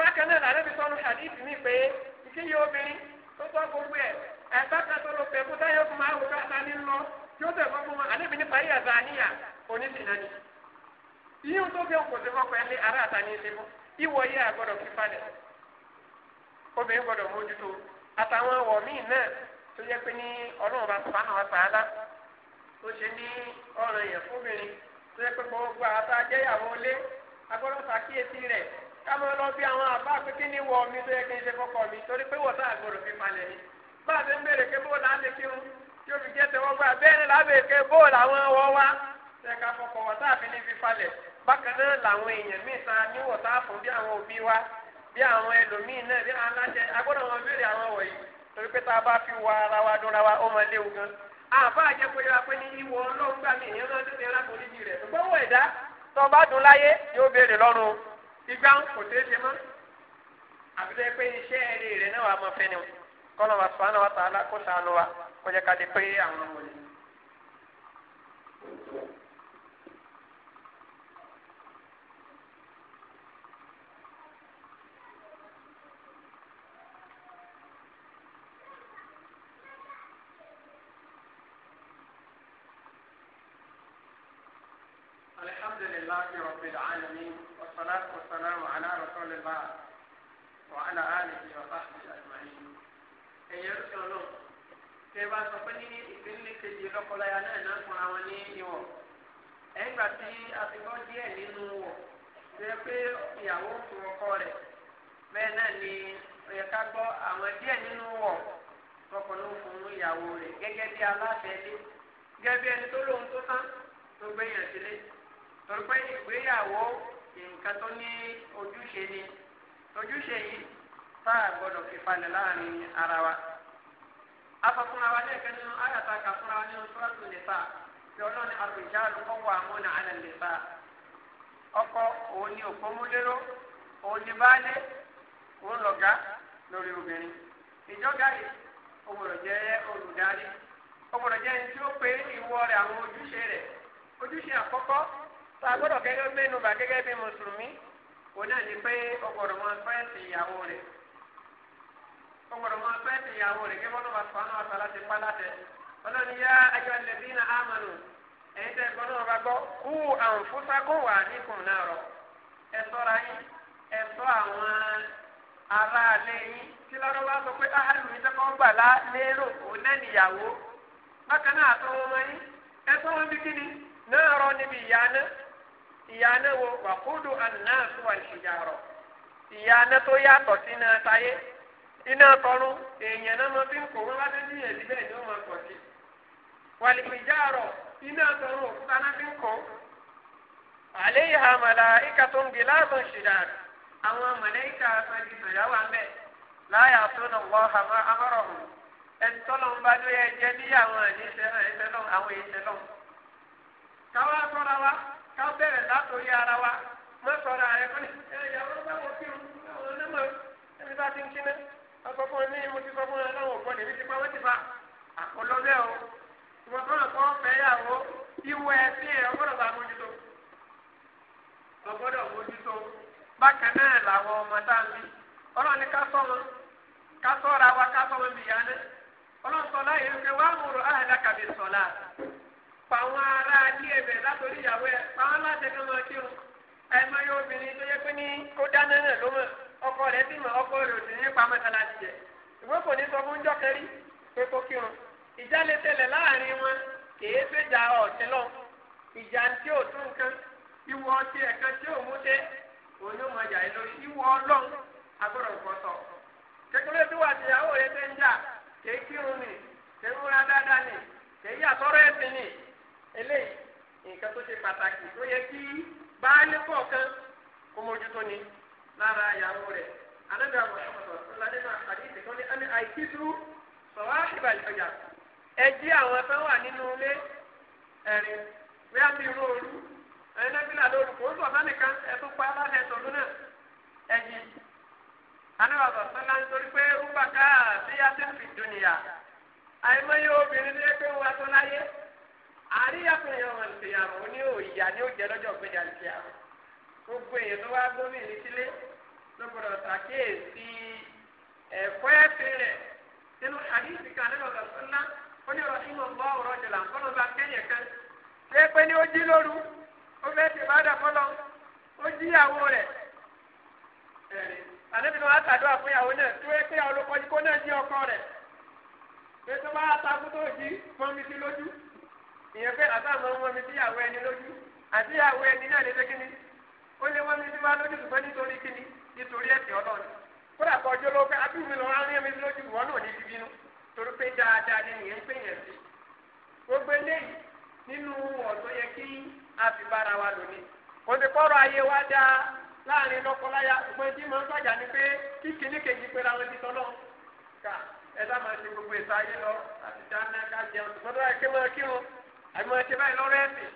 bákan náà lànàbí sọnù hadithi mi pé ìṣe yìí obìnrin tó sọ gbogbo ẹ àìsàkà tó lọ pẹ̀lú táyọ̀ fún máa wò ká ta ní lọ tí ó tẹ̀sán fún wọn àlẹ́bí nípa yíyà zaniya oníṣìnà ni. ìyíwò tó òkò sí ará ní ilé ìwọ fi falẹ̀ obìnrin gbọ́dọ̀ mójútó àtàwọn ọ̀wọ̀ míì náà tó yẹ pé ní ọlọ́run bá tó ka lọ bí àwọn àbá pé kí ni wọ mi tó yẹ kí n ṣe mi torí pé wọ́n sáà fi palẹ̀ bá a omi jẹ́ tẹ́wọ́ gbà bẹ́ẹ̀ ni ṣe ká wọ́n sáà fi ní fi palẹ̀ bákan náà làwọn èèyàn míì a fún bí àwọn òbí wa bí àwọn ẹlòmíì náà bí àwọn aláṣẹ agbọ́dọ̀ wọn a àbá àjẹpẹ́yọ apẹ́ ní ìwọ ọlọ́run ìyẹn ìgbà kò tẹ́ ṣe mọ́ àbílẹ̀ pé iṣẹ́ ẹ̀rí rẹ̀ náà wà mọ́ fẹ́ni kọ́nà wà sùn àná wà tààlà kó sànù wa kó jẹ́ ká di pé àwọn ọmọ yìí. ni ó ká gbọ́ àwọn díẹ̀ nínú wọ̀ fún ìyàwó rẹ̀ gẹ́gẹ́ bí aláṣẹ gẹ́gẹ́ bí ẹni tó lóun tó tán tó gbẹ̀yàn sílé torí pé ìgbéyàwó nǹkan tó ní ojúṣe ni ojúṣe yìí tá a gbọdọ̀ fi falẹ̀ láàrin ara wa afọkùnra wa lẹ́ẹ̀kan nínú ayàtà kàfúnra nínú sọ́ọ̀tù nìta tí ọlọ́ni ọkọ òun òun lọ̀gá lórí obìnrin ìjọba yìí ó jẹ olùdarí ó gbọ́dọ̀ ẹni tí ó pé ìwọ rẹ̀ àwọn ojúṣe rẹ̀ ojúṣe àkọ́kọ́ tá a gbọ́dọ̀ gẹ́gẹ́ bí nùbà gẹ́gẹ́ bí mùsùlùmí òun náà ní pé ó ìyàwó ìyàwó bá lẹ́bí na ẹ̀yin tẹ́ bá gbọ́ kú wà níkùn náà rọ ẹ̀ ara alẹ́ yín tí lọ́dọ̀ bá sọ pé áhàlù yín tẹ́kọ̀ gbà lá lérò òun náà nìyàwó bákan náà àtọ́ wọn wọn yín ẹ wọn bí náà rọ níbi ìyá náà wo àná àtúwà ìṣèjàrọ̀ ìyá náà tó yàtọ̀ sí náà táyé iná tọrún èèyàn náà mọ bí ń wọn bá dé ni sí iná òkúta náà fi ń àmàlà ìkàtúngì àwọn mọ̀lẹ́kà àfẹ́jì sọ̀yàwó àmbẹ̀ láyà tó nà wọ́ àmọ́ hù ń bá lóye jẹ́ níyàwó àwọn káwá sọ́ra wa ká bẹ̀rẹ̀ látòrí ara wa mọ́ sọ̀rọ̀ ààrẹ kọ́ni ẹ̀yàwó bá wọ kí wọn ọ̀nà mọ̀ ẹni bá ti ń kí ọgbọ́dọ̀ mú bákan náà làwọn ọmọ tá a ń ọlọ́ni ká sọ wọn ká sọ́ra wa ká sọ wọn bìyà náà ọlọ́sọ láyé wípé wàá múru àhàdákà bí sọ̀lá pàwọn ará ilé ẹ̀bẹ̀ látòrí ìyàwó ẹ̀ pàwọn láti ẹ̀ka máa obìnrin tó yẹ pé ní kó ọkọ ọkọ ò sì ní jẹ ìwé kò ní sọ fún pé kó láàrin wọn kèé péjà ọ̀sìn lọ ìjà tí ò tún nǹkan ìwọ ọtí òun yóò máa yàrá lórí ìwọ ọlọ́run agbọ́dọ̀ gbọ́tọ̀ kékeré tí wàá tìyàwó rẹ fẹ́ ń jà kéé kírun ni kéé múra dáadáa ni kéé yàtọ̀rọ̀ ẹ̀sìn ni eléyìí nǹkan tó ṣe pàtàkì tó yẹ kí baálé kọ̀ọ̀kan kó mójútó ni lára ìyàwó rẹ̀ anábìá mọ̀tòmọ̀tò ọ̀la nínú àkàdé ìtẹ̀kọ́ ní ẹni àìkíṣú sọ̀rọ̀ àṣìbà ìtọ́jà ẹ jí àwọn tó wà nínú ilé ẹ̀rín bí a bí irú ooru ẹ̀yin lẹ́bílà lóru kò sọ̀ sánìkan ẹ̀tún pa aláṣẹ ìtọ́jú náà ẹ̀yìn. anáwàzọ̀ sọ́lá ń torí pé rúbà àìmọye obìnrin ní ẹgbẹ́ tó láyé àríyàfẹ́yàn wọn ti yàrá òní òòyà ni ó jẹ́ lọ́jọ́ gbẹ̀dẹ̀ àti yàrá gbogbo èèyàn tó wá gómìn sílé ló gbọdọ̀ ṣàkíyèsí ẹ̀kọ́ ẹ̀fẹ́ rẹ̀ nínú àdìsí kan nínú ọ̀sán ńlá ó ní ọ̀rọ̀ ìmọ̀ ń bọ́ ọ̀rọ̀ jùlọ ó fẹ́ ti bàdà fọlọ́ ó jí ìyàwó rẹ̀ àlébi ni wọ́n á tàdúrà fún ìyàwó náà tó yẹ pé olùkọ́jú kó náà jí ọkọ rẹ. pé tó bá takú tó jí mọ́mi sí lójú ìyẹn pé àtàwọn mọ́mi sí ìyàwó ẹni lójú àti ìyàwó ẹni náà lè dé ó lé mọ́mi sí wa lójú ṣùgbọ́n nítorí kíni nítorí ẹ̀sìn ọlọ́run kódà kọ ọjọ́ lọ́wọ́ pé abúlé mi lójú wọn náà ní bíbínú torí pé dáadáa ni ìyẹn á fi bára wa lò ní. kò sí kọ́rọ̀ ayé wa dá láàrin lọ́kọ́láyà ṣùgbọ́n ni pé kí kejì pé làwọn ti tọ́lọ́ ká ẹ dá máa ṣe gbogbo ètò ayé lọ àti dáná ká jẹun ṣùgbọ́n tó ké máa kírun àbí máa ṣe báyìí lọ́rọ́ ẹ̀sìn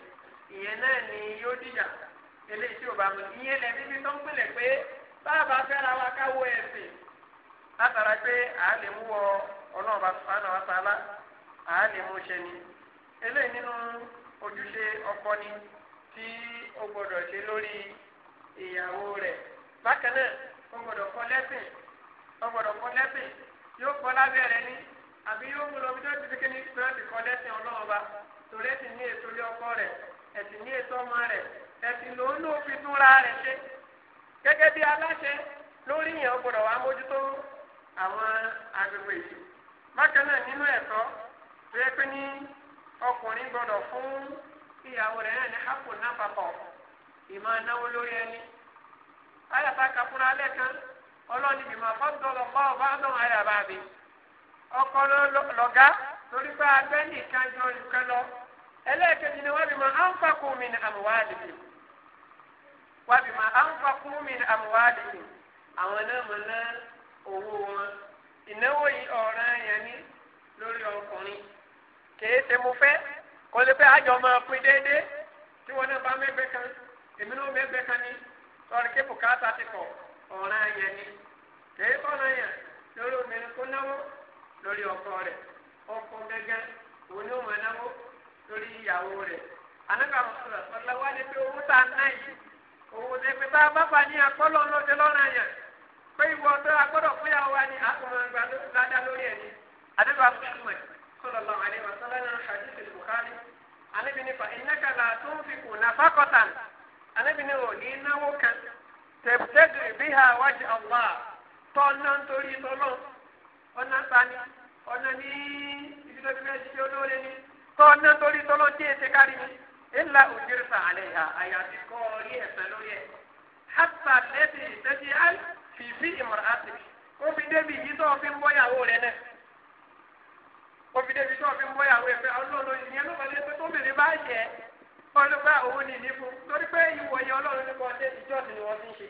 ìyẹn náà ni yóò dìyà eléyìí tí ò bá mu ìyẹn ojúṣe ọkọ ni tí o gbọdọ̀ ṣe lórí ìyàwó rẹ̀ bákan náà ó gbọdọ̀ kọ́ lẹ́sìn ó gbọdọ̀ kọ́ lẹ́sìn yóò kọ́ lábẹ́ rẹ̀ ní àbí yóò mú lọ bí wọ́n ti fi kíni bí wọ́n ti kọ́ lẹ́sìn ọlọ́run ba torí ẹ̀sìn ní ètò ilé ọkọ rẹ̀ ẹ̀sìn ní ètò ọmọ rẹ̀ ẹ̀sìn ló ń lò fi túnra rẹ̀ ṣe gẹ́gẹ́ bí aláṣẹ lórí yẹn ó gbọdọ̀ wá mójútó àwọn agbègbè yìí bákan náà nínú ẹ̀tọ́ tó yẹ pé ní ọkùnrin gbọdọ fún ìyàwó rẹ̀ náà ní hapò náfàkọ̀ na o lórí ẹni. ayàtà kakúrò alẹ́ kan ọlọ́ni ìmọ̀ fọ́ńdọ̀lọ́ bá ọba àdán ayàbá mi. ọkọ lọ́gá torí pé abẹ́ nìkan jọ ìkan lọ. ẹlẹ́ẹ̀kejì ni wọ́n mi ní mi. wọ́n mi ní mi. àwọn náà mọ̀ owó kèé ṣe mo fẹ́ kó lè fẹ́ àjọ máa déédéé tí wọ́n náà bá kan èmi náà kan kí bùkátà ti kọ ọ̀ràn yẹn ni kèé kọ́nà yẹn lórí obìnrin kó ọkọ rẹ ọkọ gẹ́gẹ́ òun ni máa náwó lórí ìyàwó rẹ anáka mọ̀tòlá pé owó tá a ná yìí owó tẹ a bá fà ní akọ́lọ́ yẹn pé ìwọ wa ni صلى الله عليه وسلم nínú hadith al-Bukhari anabi ní fa innaka la tunfiqu nafaqatan anabi ní o ní náwó kan tabtaghi biha wajha Allah tọ́nà nítorí tọ́lọ́ ọ̀nà sani ọ̀nà ní ìdílé bí wọ́n ti ṣe olóore ni tọ́nà nítorí tọ́lọ́ tí èsì kárí ni illa ujirta alaiha àyàfi kọ́ orí ẹ̀sẹ̀ lórí ẹ̀ hatta lẹ́sìn ìtẹ́jú al fìfì imra'atik ó fi débi yìí tó fi ń bọ́yàwó rẹ̀ náà òfìdébi tó fi ń bọ́ ìyàwó ẹ̀fẹ́ ọlọ́run ìyẹn ló fẹ́ pé tó mèrè bá yẹ ọlọ́gbà owó ní ìní fún torí pé ìwọ yẹn ọlọ́run nípa ọdẹ ìjọsìn ni wọ́n fi ń ṣe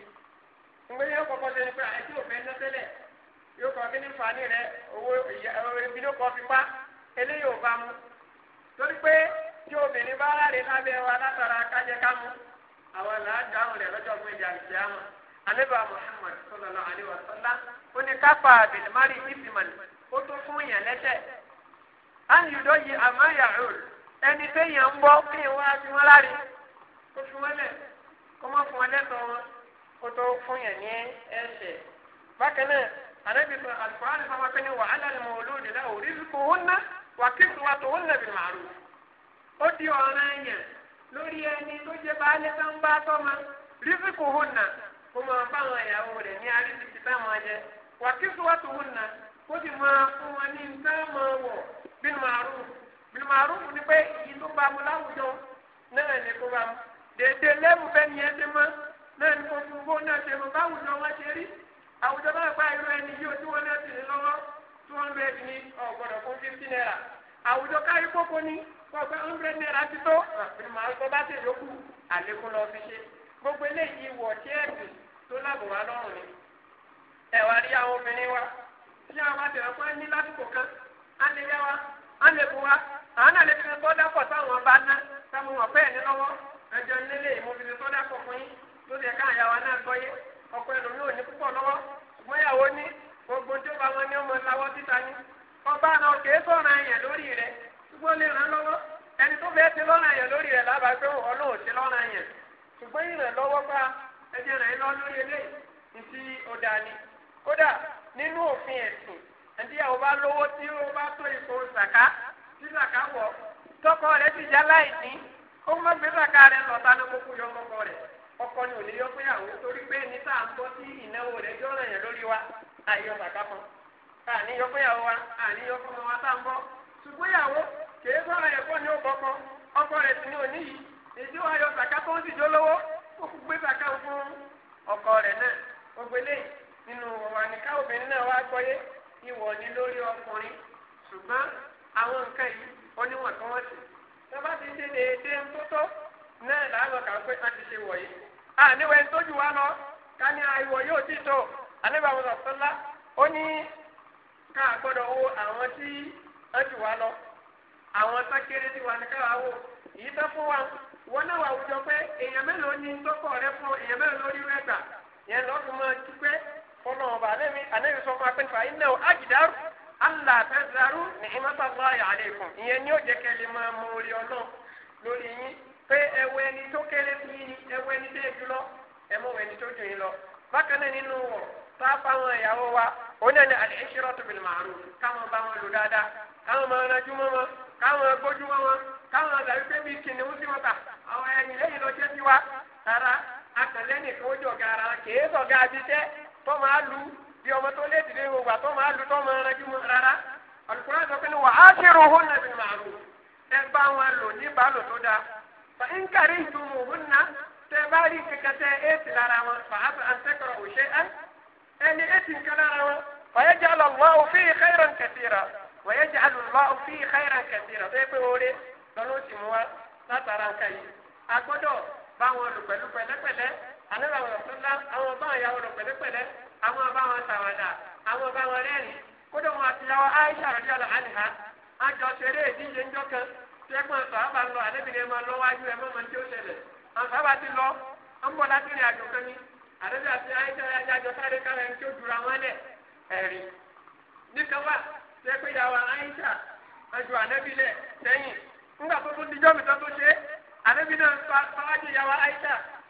ìgbé yẹn kọ́kọ́ ṣe pé àìsí òfin ẹ̀ná tẹ́lẹ̀ yóò kọ́ kí ní fani rẹ owó ebi ló kọ́ fi pa eléyìí ò bá mu torí pé tí obìnrin bá ráre lábẹ́ wa látara kájẹ ká mu àwọn là dáhùn rẹ̀ lọ́jọ́ fún ìjà ìjà wọn alẹ́bàá Muhammad sallallahu alaihi wasallam ó ní kápá àbẹ̀lẹ̀ mari ìfìmọ̀lẹ̀ ó tún fún ìyàn lẹ́sẹ̀ ányìdọ́ yìí àmáyà rúl ẹni téèyàn ń bọ́ kéèyàn wá fi wọ́n láre kó fi wọ́n kó má fún wọn lẹ́tọ̀ọ́ kó tó fún yẹn ní ẹsẹ̀. bákan náà anábì sọ àlùkò àlùfáà wọn pẹ́ni wà á lálẹ́ mọ́ olóòdì náà ò hún ná wà wà tó hún ó di ọ̀ràn lórí ẹni tó jẹ ń bá hún ná kó ní jẹ wà wà tó bínú màrún bínú màrún ni pé ìlú bá mu láwùjọ náà ní kó bá mu dèdè lẹ́wù bẹ́ẹ̀ ni ẹ ti mọ́ náà ní kó fún bó náà ṣe mọ́ báwùjọ wọn ṣe rí àwùjọ náà gba irú ẹni yìí ó tí wọn náà ti ní lọ́wọ́ two hundred ní ọ̀gbọ̀dọ̀ fún fifty naira àwùjọ káyọ̀ kókó ní kọ̀ọ̀kan hundred naira ti tó ah, bínú màrún tó bá tẹ̀ yókù àlékún lọ fi ṣe gbogbo eléyìí wọ̀ tí ẹ̀sìn tó lábọ̀ wá lọ́rùn ni ẹ̀wà rí àwọn obìnrin wa tí àwọn àtẹ̀wọ́ ní lásìkò kan ánìyáwá ánìbùwá àwọn àlejò tó dápọ̀ táwọn bá ná táwọn ọ̀pẹ́ ẹ̀ ní lọ́wọ́ ẹjọ́ nílé ìmọ̀bìnrin tó dápọ̀ fún yín lórí ẹ̀ka àyàwó náà gbọ́yé ọkọ ẹlòmí ò ní púpọ̀ lọ́wọ́ ṣùgbọ́n ìyàwó ní gbogbo bá wọn ní ọmọ ìlàwọ́ títa ní ọba sọ̀rọ̀ lórí rẹ̀ ṣùgbọ́n lè ràn lọ́wọ́ ẹni tó fẹ́ẹ́ ti lọ́rọ̀ lórí rẹ̀ lọ́rọ̀ ṣùgbọ́n bá ẹjẹ̀ rẹ̀ lórí eléyìí ti ọ̀dà ni kódà nínú òfin ẹ̀sìn ndị ẹ̀ o bá lówó tí o bá tó ìfò sàká tí sàká wọ̀ tọkọ rẹ̀ ti já láì kó má gbé lọ ọkọ ni ò ní yọ torí pé ní tá à ń sí ìnáwó yọ ọ̀rọ̀ yẹn lórí wa yọ wa yọ wa tá à ń ṣùgbọ́n ìyàwó ọkọ ti ní òní yìí èdè wa yọ sàká tó ń sì jó lówó ó kú gbé ìwọ̀ ni lórí ọkùnrin ṣùgbọ́n àwọn nǹkan yìí oníwọ̀n tó wọ́n sì. tó bá ti ṣe déédé ń tó tó náà làwọn kà pé a ti ṣe wọ̀nyí. a níwẹ̀ ń tójú wa lọ ká ní àìwọ̀ yóò ti tó àlébà wọn lọ sọ́lá ó ní ká gbọ́dọ̀ wo àwọn tí wọ́n jù wá lọ àwọn sákéré tí wà ní káwá wò yìí tó fún wa wọn náà wà wùjọ pé èèyàn mélòó ni tọkọ rẹ fún èèyàn mélòó lórí rẹ gbà yẹn lọ́ọ́ ọlọ́run ọba anẹ́mi anẹ́mi sọ fún apẹ́ntì fàáyín náà ájìdárù allah tẹ́sídárù ní ìmọ̀tàláyà àlékún ìyẹn ni ó jẹ́ kẹ́lẹ́ máa mọ orí ọlọ́run lórí yín pé ẹwọ ẹni tó kéré fún yín ẹwọ ẹni tó jù lọ ẹmọ ẹni tó jù yín lọ bákan náà nínú wọ tá a fáwọn ìyàwó wa òun náà ní al-ishratu bil ma'ruf káwọn bá wọn lò dáadáa káwọn máa ránjú mọ́ wọn káwọn gbójú mọ́ wọn káwọn àgbà wípé bíi kìnìún sí mọ́ta àwọn ẹ̀yìn lẹ́yìn lọ jẹ́ tiwa rárá akànlẹ́ nìkan ó jọ̀gá ara kìí sọ̀gá abíṣẹ́ tó máa lu bí ọmọ tó lé dìde gbogbo àtọ́ máa lu tó máa rẹjú mọ́ rárá alukóra sọ pé ní wà á ṣèrò hún nàbí màálù ẹ bá wọn lò ní bàálù tó dáa fa ń kárí ìdùnnú hún ná tẹ bá rí kankan tẹ ẹ ti lára wọn fa á sàn tẹkọrọ òṣè ẹ ẹni ẹ ti ń kan lára wọn fa yẹ jẹ alọlọ òfin xeyran kẹsìrà wa yẹ jẹ alọlọ òfin xeyran kẹsìrà tó yẹ pé wọlé lọ́nà ó ti wa látara nǹkan yìí a bá wọn lò pẹ̀lú pẹ̀lẹ́pẹ̀lẹ́ àlọ́lá wọn sọ́lá àwọn bá wọn yàwó lọ pẹ̀lẹ́pẹ̀lẹ́ àwọn bá wọn sàwádà àwọn bá wọn rẹ́rìn kódà wọn àti yàwó Aisha rẹ̀ yàrá àlìhà àjọ ṣeré ìdíje ńjọ kan tẹ́gbọ́n sàábà lọ àlẹ́bìnrin ẹ̀ máa lọ wájú ẹ̀ mọ́mọ́ tí ó ṣẹlẹ̀ àwọn sàábà ti lọ ń bọ̀ láti rìn àjò kan ní àlẹ́bí àti Aisha rẹ̀ àjọ sáré kárẹ̀ tí ó dura wọn lẹ̀ ẹ̀rí nìkan wà tẹ́gbẹ́ yàwó Aisha àjọ àlẹ́bí lẹ̀ sẹ́yìn ńgbà tó tún dijọ́ mi tó tó ṣe àlẹ́bí náà sọ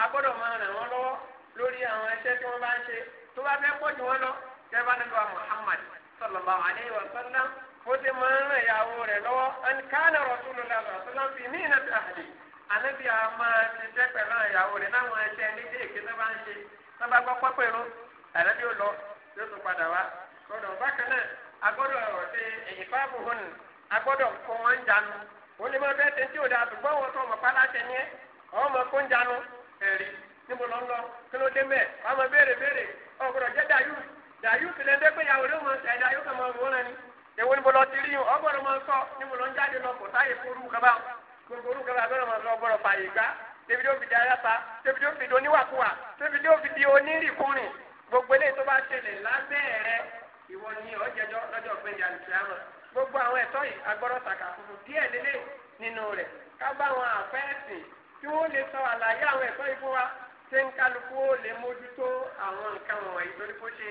agbọ́dọ̀ máa ràn wọ́n lọ́wọ́ lórí àwọn iṣẹ́ tí wọ́n bá ń ṣe tó bá fẹ́ pọ̀ jù wọ́n lọ kẹ́bá nílò Muhammad sallallahu alayhi wa sallam ó ti máa ń ràn ìyàwó rẹ̀ lọ́wọ́ ẹni káàlẹ̀ rọ̀túnú lọ́wọ́ sallam fi ní ìnàbí àhàdì ànábì a máa ti jẹ́ pẹ̀lú ìyàwó rẹ̀ láwọn ẹṣẹ́ níbi èké tó bá ń ṣe tó bá gbọ́ pọ́pẹ́ ró ànábì ó lọ yóò tún padà wá gbọ́dọ̀ bákan náà agbọ́dọ̀ ṣe èyí fáàbù hùn agbọ́dọ̀ kó wọn jánu ó lè má bẹ́ẹ̀ tẹ́tí ò ẹ̀rí níbo lọ ń lọ kí ló dé mẹ́ẹ̀ wọ́n máa béèrè béèrè ọ̀gbọ̀dọ̀ jẹ́ dayú dayú kìlẹ̀ ńdẹ́ pé ìyàwó lóun ẹ̀ dayú kan máa wọ́n lẹ́ni èwo níbo lọ ti di ayáta fi di oníwàkuwà fi di gbogbo eléyìí tó bá ṣẹlẹ̀ gbogbo àwọn ẹ̀tọ́ yìí agbọ́dọ̀ kí wọ́n lè sọ àlàyé àwọn ẹ̀kọ́ yìí wa ṣé ń kálukú ó lè mójútó àwọn nǹkan wọ̀nyí kó ṣe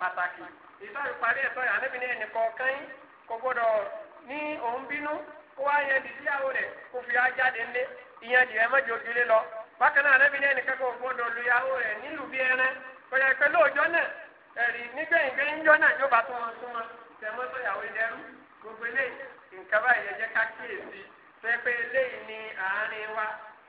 pàtàkì ìtọ́jú parí ẹ̀tọ́ yà níbi ní ẹnìkan kan yín kò gbọ́dọ̀ ní òun bínú kó wá yẹn di síyàwó rẹ̀ kó fi ìyẹn di ẹ̀ mọ́jọ lọ bákan náà níbi ní ẹnìkan kò gbọ́dọ̀ lu ìyàwó rẹ̀ nílùú bí ẹran pé lóòjọ́ náà ẹ̀rí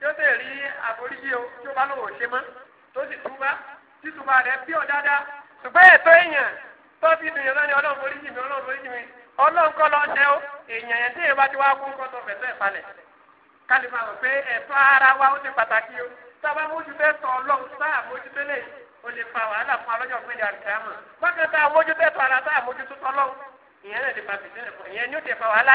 tí ó rí àforíjì o tí ó bá lòwò ṣe mọ́ tó sì túbá tí túbá rẹ̀ bí ọ̀ dáadáa ṣùgbọ́n ètò èèyàn tó fi dùn yẹn lọ́ni ọlọ́run foríjì mi ọlọ́run foríjì mi ọlọ́run kọ́ lọ o èèyàn yẹn tí èèyàn bá ti wá rò pé ara wa ó ti pàtàkì o sábà mójútó tọ̀ ọlọ́run sáà lè o lè fa wàhálà fún alọ́jọ́ pé a mójútó tọ̀ ara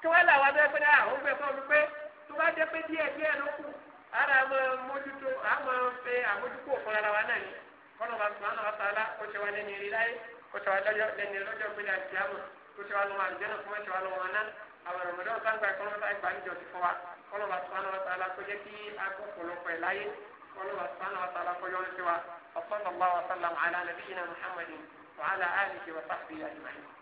kí wọ́n là wá bẹ́ẹ̀ pé náà ah, ó gbẹ fún mi pé tó bá jẹ́ pé díẹ̀ díẹ̀ ló kù ara mọ mójútó àmọ́ fẹ́ àmójúkò fún ara wa náà ni kọ́nà bá sùn àná bàtà alá kó ṣe wá lẹ́ni rí láyé kó ṣe wá lẹ́ni lọ́jọ́ gbélé àti àmọ́ kó ṣe wá lọ́wọ́ àlùjẹ́nà kó ṣe wá lọ́wọ́ àná àwọn ọ̀rọ̀mọdé ọ̀sán gba ẹ̀kọ́ lọ́sàn ìgbà níjọ ti fún wa kọ́nà bá sùn àná bàtà alá kó jẹ́ kí akọ́kọ̀lọ́kọ̀ ẹ̀ láyé kọ́nà bá sùn àná bàtà alá kó yọ وصلى الله وسلم